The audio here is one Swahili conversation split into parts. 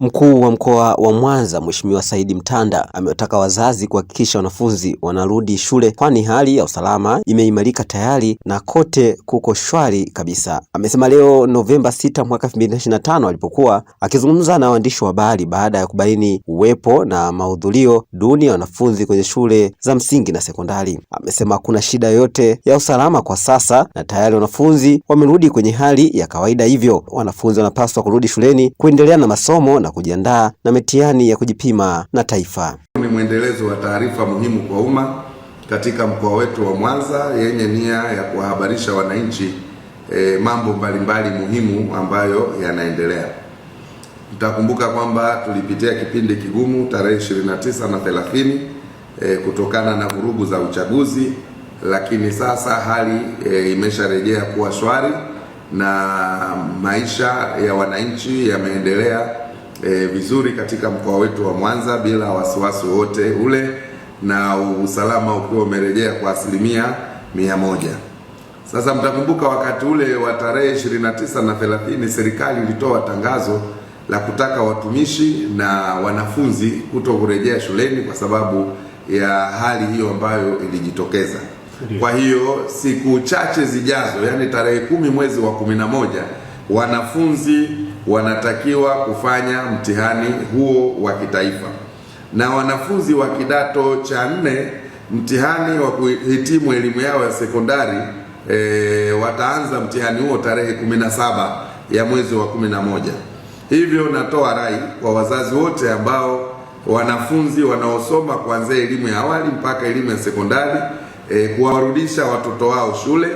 Mkuu wa Mkoa wa Mwanza Mheshimiwa Said Mtanda amewataka wazazi kuhakikisha wanafunzi wanarudi shule kwani hali ya usalama imeimarika tayari na kote kuko shwari kabisa. Amesema leo Novemba 6 mwaka 2025 alipokuwa akizungumza na waandishi wa habari baada ya kubaini uwepo na mahudhurio duni ya wanafunzi kwenye shule za msingi na sekondari. Amesema hakuna shida yoyote ya usalama kwa sasa na tayari wanafunzi wamerudi kwenye hali ya kawaida, hivyo wanafunzi wanapaswa kurudi shuleni kuendelea na masomo na kujiandaa na mitihani ya kujipima na taifa. Ni mwendelezo wa taarifa muhimu kwa umma katika mkoa wetu wa Mwanza yenye nia ya kuwahabarisha wananchi e, mambo mbalimbali muhimu ambayo yanaendelea. Mtakumbuka kwamba tulipitia kipindi kigumu tarehe 29 na 30 e, eh, kutokana na vurugu za uchaguzi, lakini sasa hali e, imesharejea kuwa shwari na maisha ya wananchi yameendelea e, vizuri katika mkoa wetu wa Mwanza bila wasiwasi wote ule na usalama ukiwa umerejea kwa asilimia mia moja. Sasa mtakumbuka wakati ule wa tarehe 29 na 30 serikali ilitoa tangazo la kutaka watumishi na wanafunzi kuto kurejea shuleni kwa sababu ya hali hiyo ambayo ilijitokeza. Kwa hiyo siku chache zijazo, yani tarehe kumi mwezi wa kumi na moja wanafunzi wanatakiwa kufanya mtihani huo wa kitaifa, na wanafunzi wa kidato cha nne mtihani wa kuhitimu elimu yao ya sekondari e, wataanza mtihani huo tarehe 17 ya mwezi wa 11. Hivyo natoa rai kwa wazazi wote ambao wanafunzi wanaosoma kuanzia elimu ya awali mpaka elimu ya sekondari e, kuwarudisha watoto wao shule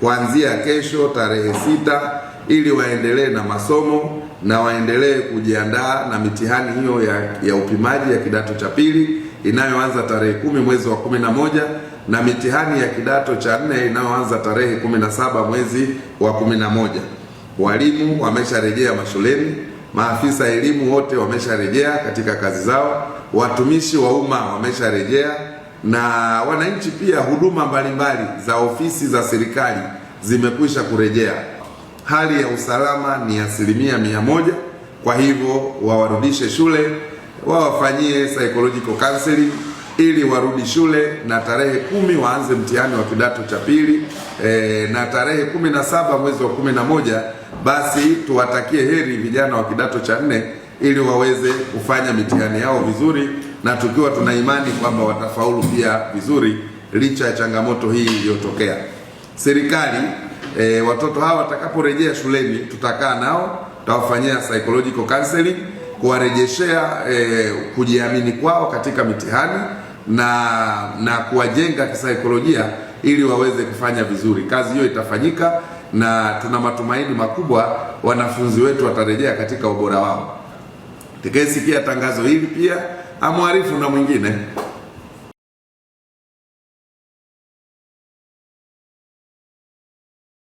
kuanzia kesho tarehe sita ili waendelee na masomo na waendelee kujiandaa na mitihani hiyo ya, ya upimaji ya kidato cha pili inayoanza tarehe kumi mwezi wa kumi na moja na mitihani ya kidato cha nne inayoanza tarehe kumi na saba mwezi wa kumi na moja. Walimu wamesharejea mashuleni, maafisa elimu wote wamesharejea katika kazi zao, watumishi wa umma wamesharejea, na wananchi pia. Huduma mbalimbali za ofisi za serikali zimekwisha kurejea hali ya usalama ni asilimia mia moja. Kwa hivyo wawarudishe shule, wawafanyie psychological counseling ili warudi shule na tarehe kumi waanze mtihani wa kidato cha pili e, na tarehe kumi na saba mwezi wa kumi na moja basi tuwatakie heri vijana wa kidato cha nne ili waweze kufanya mitihani yao vizuri, na tukiwa tuna imani kwamba watafaulu pia vizuri licha ya changamoto hii iliyotokea serikali E, watoto hawa watakaporejea shuleni tutakaa nao, tutawafanyia psychological counseling kuwarejeshea e, kujiamini kwao katika mitihani na na kuwajenga kisaikolojia ili waweze kufanya vizuri. Kazi hiyo itafanyika na tuna matumaini makubwa wanafunzi wetu watarejea katika ubora wao. Tikesi pia tangazo hili pia amwarifu na mwingine.